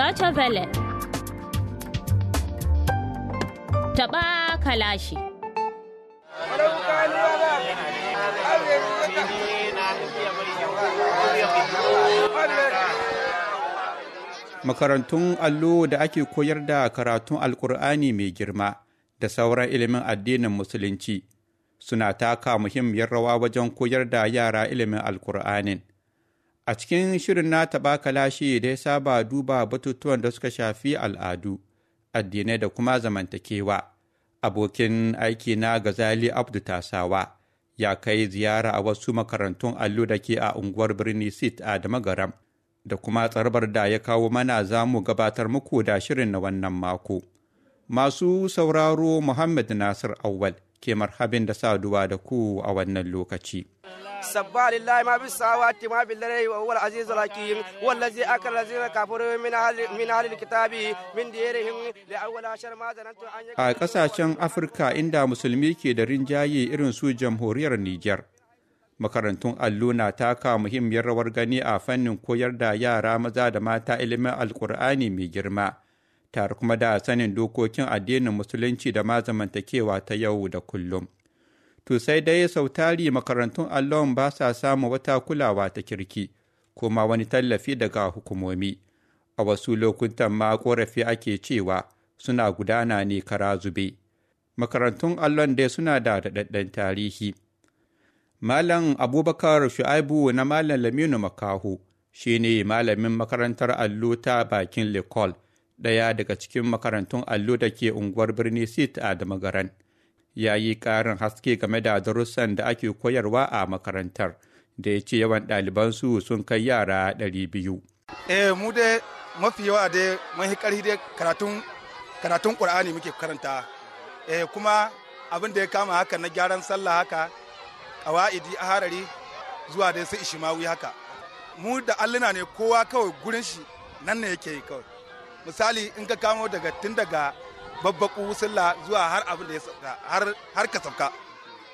Deutsche Welle. Taɓa kalashi. Makarantun allo da ake koyar da karatun Alƙur'ani mai girma da sauran ilimin addinin Musulunci suna taka muhimmiyar rawa wajen koyar da yara ilimin Alƙur'anin. A cikin shirin na taɓa kalashi da ya saba duba batutuwan da suka shafi al'adu, addinai da kuma zamantakewa. Abokin aiki na Gazali Abdu Tasawa ya kai ziyara a wasu makarantun allo da ke a unguwar birni Sit a Damagaram, da kuma tsarbar da ya kawo mana za mu gabatar muku da shirin na wannan mako. Masu sauraro Muhammad Nasir Awwal. ke marhabin da sa duwa da ku a wannan lokaci. سبح لله wa في السماوات ما في الأرض وهو العزيز الحكيم والذي أكل الذين كفروا من al kitabi min dirihim li awwal ashar ma zanantu an yakun a kasashen Afirka inda musulmi ke da rinjaye irin su jamhuriyar Nijar makarantun allo na taka muhimmiyar rawar gani a fannin koyar da yara maza da mata ilimin alkur'ani mai girma tare kuma da sanin dokokin addinin musulunci da ma zamantakewa ta yau da kullum. To sai dai sautari makarantun allon ba sa samun wata kulawa ta kirki, kuma wani tallafi daga hukumomi. A wasu lokutan ma ƙorafi ake cewa suna gudana ne kara zube. Makarantun allon dai suna da daɗaɗɗen tarihi. Malam Abubakar Shu'aibu na Malam Laminu Makaho shi ne malamin makarantar allo ta bakin Lekol. ɗaya daga cikin makarantun allo da ke unguwar birni sit a damagaran ya yi ƙarin haske game da darussan da ake koyarwa a makarantar da ya ce yawan ɗalibansu sun kai yara ɗari biyu. eh mu dai mafi yawa dai yi ƙarfi dai karatun ƙur'ani muke karanta eh kuma abin da ya kama haka na gyaran sallah haka ƙawa'idi a harari zuwa dai su ishimawi haka mu da alluna ne kowa kawai gurin shi nan ne yake yi kawai misali in ka kamo daga tun daga babbaku sulla zuwa har abin da ya sauka har ka sauka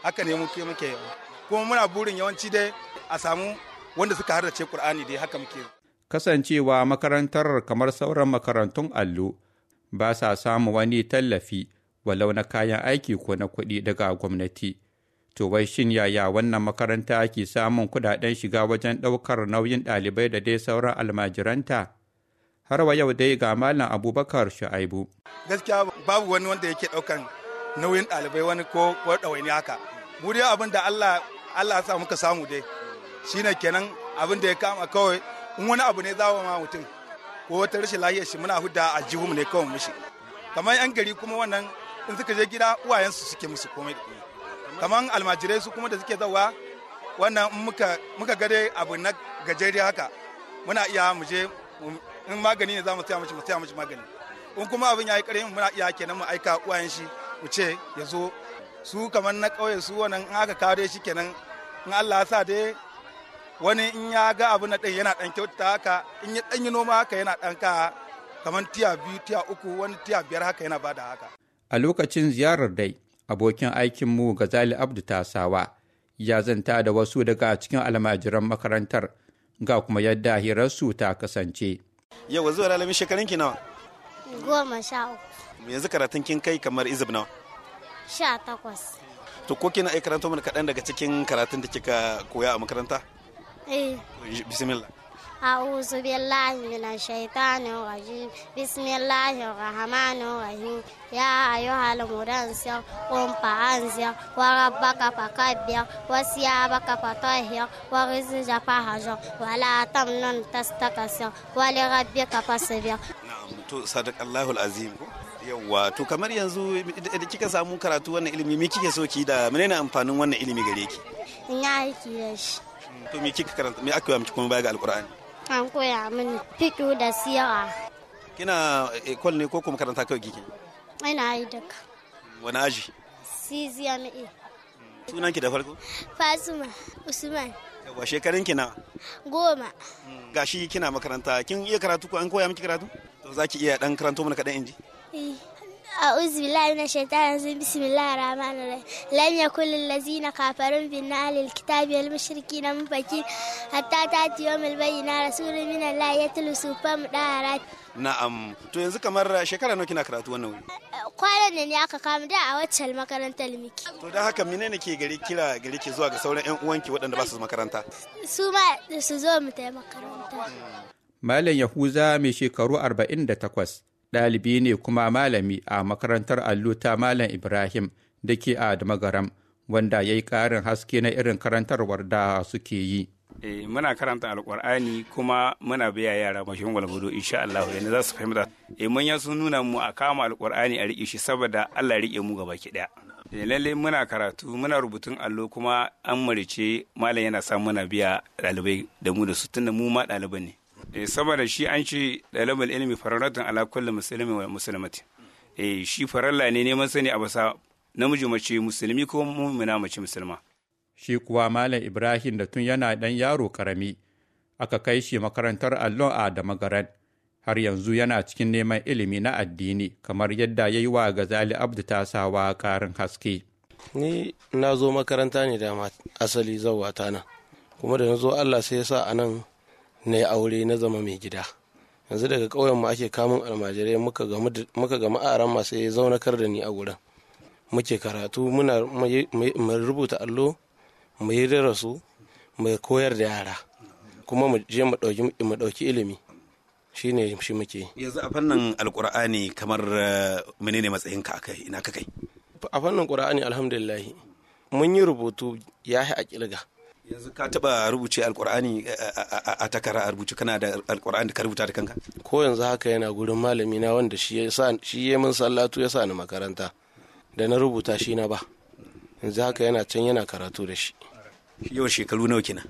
haka ne muke muke kuma muna burin yawanci dai a samu wanda suka hardace Qur'ani dai haka muke kasancewa makarantar kamar sauran makarantun allo ba sa samu wani tallafi walau na kayan aiki ko na kuɗi daga gwamnati to wai shin yaya wannan makaranta ke samun kuɗaɗen shiga wajen ɗaukar nauyin ɗalibai da dai sauran almajiranta har wa yau dai ga malam abubakar shu'aibu gaskiya babu wani wanda yake daukan nauyin ɗalibai wani ko ɗawaini haka mu dai abin da allah allah sa muka samu dai shine kenan abin da ya kama kawai in wani abu ne zawo ma mutum ko wata rashin lafiyar shi muna hudda a jihu ne kawai mushi kamar yan gari kuma wannan in suka je gida uwayensu suke musu komai da kamar almajirai su kuma da suke zawa wannan muka muka ga dai abu na gajeriya haka muna iya mu je in magani ne za mu taya mu taya mishi magani in kuma abin yayi karin muna iya kenan mu aika uwayen shi mu ce ya zo su kamar na ƙauye su wannan in aka kawo shi kenan in Allah ya sa dai wani in ya ga abu na ɗin yana ɗan kyautata haka in ya ɗan noma haka yana ɗan ka kamar tiya biyu tiya uku wani tiya biyar haka yana bada haka. A lokacin ziyarar dai abokin aikinmu Gazali Abdu Tasawa ya zanta da wasu daga cikin almajiran makarantar ga kuma yadda hirarsu ta kasance. Yau zuwa lalami shekarun ki nawa? Goma sha uku. Yanzu karatun kin kai kamar izib nawa? Sha takwas. To ko kina ai mana kaɗan daga cikin karatun da kika koya a makaranta? Eh. Bismillah. أعوذ بالله من الشيطان الرجيم بسم الله الرحمن الرحيم يا أيها المدنسر قم فأنزر وربك فكبر وثيابك فطهر ورزقك فهجر ولا تمنن تستكثر ولربك فاصبر نعم صدق الله العظيم yawwa to kamar yanzu da kika samu karatu wannan ilimi me kike so ki da menene amfanin wannan ilimi gare ki ina aiki da shi to me kika karanta me aka yi kuma baya ga alqur'ani an koya mini fito da siyawa kina ekol eh, ne ko kuma karanta kawai kike ina yi duka wani aji siziya na e sunan ki da farko fasuma usman yawa shekarun ki na? goma hmm, gashi kina makaranta kin iya karatu ko an koya miki karatu to zaki iya dan karanto mana kaɗan inji eh أعوذ بالله من الشيطان الرجيم بسم الله الرحمن الرحيم لم يكن للذين كفروا من أهل الكتاب والمشركين منفكين حتى تأتي يوم البينة رسول من الله يتلو صحفا مدارات na'am to yanzu kamar shekara nawa kina karatu wannan wuri kwanan ne ne aka kama da a waccan makaranta limiki to da haka menene ke gari kira gari ke zuwa ga sauran yan uwanki waɗanda ba su makaranta su ma su zo mu ta makaranta malam yahuza mai shekaru 48 ɗalibi ne kuma malami a makarantar allo ta malam ibrahim da ke a wanda ya yi ƙarin haske na irin karantarwar da suke yi eh, muna karanta alkur'ani kuma muna biya yara mashin walgudu insha Allah yanzu za su fahimta e eh, yi sun nuna mu a kama alkur'ani a rike shi saboda Allah rike mu gaba ki daya eh, lalle muna karatu muna rubutun allo kuma an marice malam yana sa muna biya ɗalibai da mu da su tunda mu ma ɗalibai ne eh saboda shi an ce dalabal ilmi fararatan ala kulli muslimi wa muslimati eh shi faralla ne neman sani a basa namiji mace musulmi ko mu'mina mace musulma shi kuwa malam ibrahim da tun yana dan yaro karami aka kai shi makarantar allon a da magaran har yanzu yana cikin neman ilimi na addini kamar yadda ya yi wa gazali abdu tasawa karin haske ni na zo makaranta ne da asali ta nan kuma da na zo allah sai ya sa a nan na yi aure na zama mai gida yanzu daga ƙauyen mu ake kamun almajirai muka gamu a masu ya zaunakar da ni a wurin muke karatu muna mai rubuta allo mu yi darasu mu koyar da yara kuma mu je mu ɗauki ilimi shi ne shi muke yanzu a fannin alkur'ani kamar eh, ne matsayin ka kai ina ka kai a fannin alhamdulillah mun yi rubutu ya a ƙirga yanzu ka taba rubuce alkur'ani eh, eh, eh, a takara a rubuce kana da alkur'ani ka rubuta da kanka ko yanzu haka yana gurin malami na wanda shi ya shi ya min sallatu ya sa ni makaranta da na rubuta shi na ba yanzu haka yana can yana karatu da shi yau shekaru nawa kina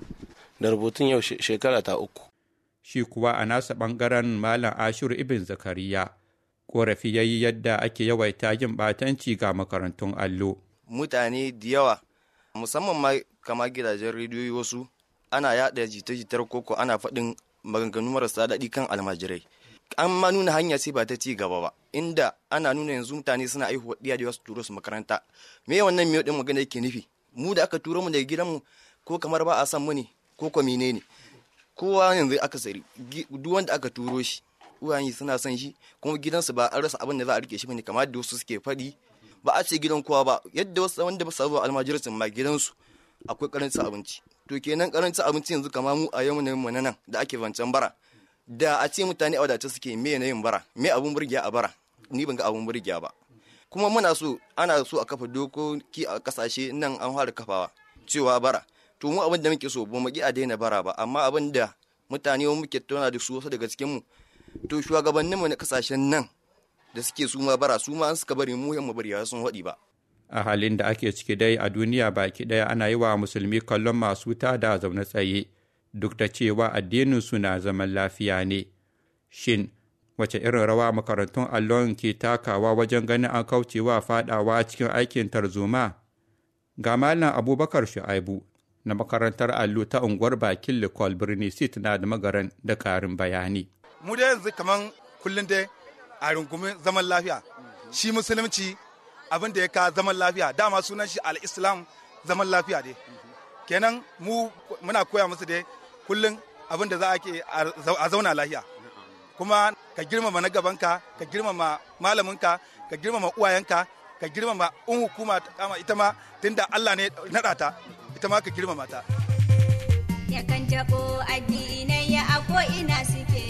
da rubutun yau shekara ta uku shi kuwa a nasa bangaren malam ashur ibn zakariya korafi yayi yadda ake yawaita yin batanci ga makarantun allo mutane da yawa musamman ma kama gidajen rediyoyi wasu ana yada jita-jitar koko ana faɗin maganganu marasa daɗi kan almajirai an ma nuna hanya sai ba ta ci gaba ba inda ana nuna yanzu mutane suna aihuwa ɗiya da wasu turo su makaranta me wannan miyo ɗin magana yake nufi mu da aka turo mu daga gidanmu ko kamar ba a san mu ne ko kwa ne kowa yanzu aka sari duk wanda aka turo shi uwaye suna son shi kuma gidansu ba an rasa abin da za a rike shi bane kamar da wasu suke faɗi ba a ce gidan kowa ba yadda wasu wanda ba sabu almajirisin ma gidansu akwai karancin abinci to kenan karancin abinci yanzu kama mu a yau mu nan da ake vancan bara da a ce mutane a wadace suke me na yin bara me abun burgiya a bara ni ban ga abun burgiya ba kuma muna so ana so a kafa dokoki a kasashe nan an fara kafawa cewa bara to mu abin da muke so ba mu a daina bara ba amma abin da mutane mu muke tona da su wasu daga cikin mu to mu na kasashen nan da suke suma bara suma suka bari mu yan bari sun haɗi ba a halin da ake ciki dai a duniya baki ɗaya ana yi wa musulmi kallon masu ta da zaune tsaye duk da cewa addinin su na zaman lafiya ne shin wace irin rawa makarantun allon ke takawa wajen ganin an kauce wa faɗawa cikin aikin tarzoma ga malam abubakar shu'aibu na makarantar allo ta unguwar bakin likol birni sit na da magaran da karin bayani mu da yanzu kaman kullum dai a rungumin zaman lafiya shi musulunci abinda ya ka zaman lafiya dama sunan shi al-islam zaman lafiya dai kenan mu muna koya musu dai kullum abinda za a ke a zauna lafiya kuma ka girmama na gabanka ka girmama malaminka ka girmama uwayenka ka girmama in hukuma ta kama ita ma tunda Allah ne naɗa ta ita ma ka girmama ta. Yakan jabo addinai ya ako ina suke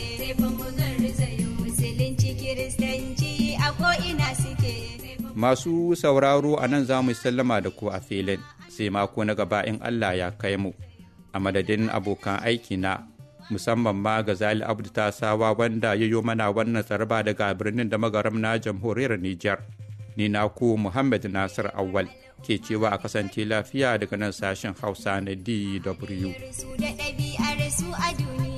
Masu sauraro a nan za mu sallama da ku a filin sai mako na gaba in Allah ya kai mu a madadin abokan aiki na musamman ma ga Zali Abdu Tasawa wanda ya yo mana wannan tsarba daga birnin da magaram na jamhuriyar Nijar. Ni na ku Muhammad Nasir Awal ke cewa a kasance lafiya daga nan sashen Hausa na DW. a duniya.